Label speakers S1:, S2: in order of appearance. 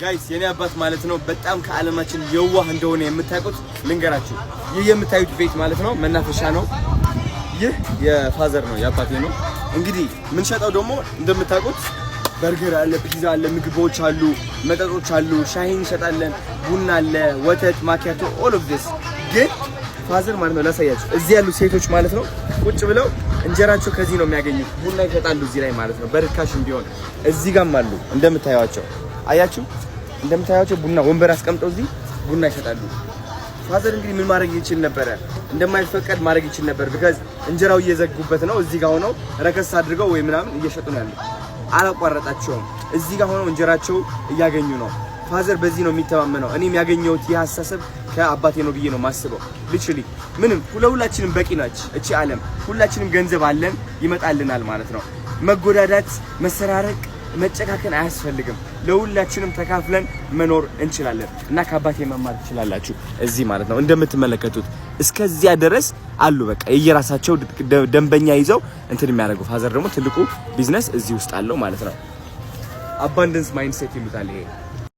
S1: ጋይስ የኔ አባት ማለት ነው በጣም ከዓለማችን የዋህ እንደሆነ የምታውቁት ልንገራችሁ። ይህ የምታዩት ቤት ማለት ነው መናፈሻ ነው። ይህ የፋዘር ነው የአባቴ ነው። እንግዲህ የምንሸጠው ደግሞ እንደምታውቁት በርገር አለ፣ ፒዛ አለ፣ ምግቦች አሉ፣ መጠጦች አሉ፣ ሻሂ እንሸጣለን፣ ቡና አለ፣ ወተት፣ ማኪያቶ ኦል ኦፍ ዲስ ግን ፋዘር ማለት ነው ላሳያችሁ። እዚህ ያሉ ሴቶች ማለት ነው ቁጭ ብለው እንጀራቸው ከዚህ ነው የሚያገኙት። ቡና ይሸጣሉ እዚህ ላይ ማለት ነው በርካሽ ቢሆን። እዚህ ጋም አሉ እንደምታዩቸው አያችሁ እንደምታያቸው ቡና ወንበር አስቀምጠው እዚህ ቡና ይሸጣሉ። ፋዘር እንግዲህ ምን ማድረግ ይችል ነበረ? እንደማይፈቀድ ማድረግ ይችል ነበር። ቢካዝ እንጀራው እየዘጉበት ነው። እዚህ ጋር ሆነው ረከስ አድርገው ወይ ምናምን እየሸጡ ነው ያሉ። አላቋረጣቸውም። እዚህ ጋር ሆነው እንጀራቸው እያገኙ ነው። ፋዘር በዚህ ነው የሚተማመነው። እኔም ያገኘሁት ይህ አስተሳሰብ ከአባቴ ነው ብዬ ነው ማስበው። ልችሊ ምንም ለሁላችንም በቂ ናች እቺ ዓለም። ሁላችንም ገንዘብ አለን፣ ይመጣልናል ማለት ነው። መጎዳዳት፣ መሰራረቅ መጨካከን አያስፈልግም። ለሁላችንም ተካፍለን መኖር እንችላለን እና ከአባቴ መማር ትችላላችሁ እዚህ ማለት ነው። እንደምትመለከቱት እስከዚያ ድረስ አሉ። በቃ የየራሳቸው ደንበኛ ይዘው እንትን የሚያደርጉ ፋዘር ደግሞ ትልቁ ቢዝነስ እዚህ ውስጥ አለው ማለት ነው። አባንደንስ ማይንድሴት ይሉታል ይሄ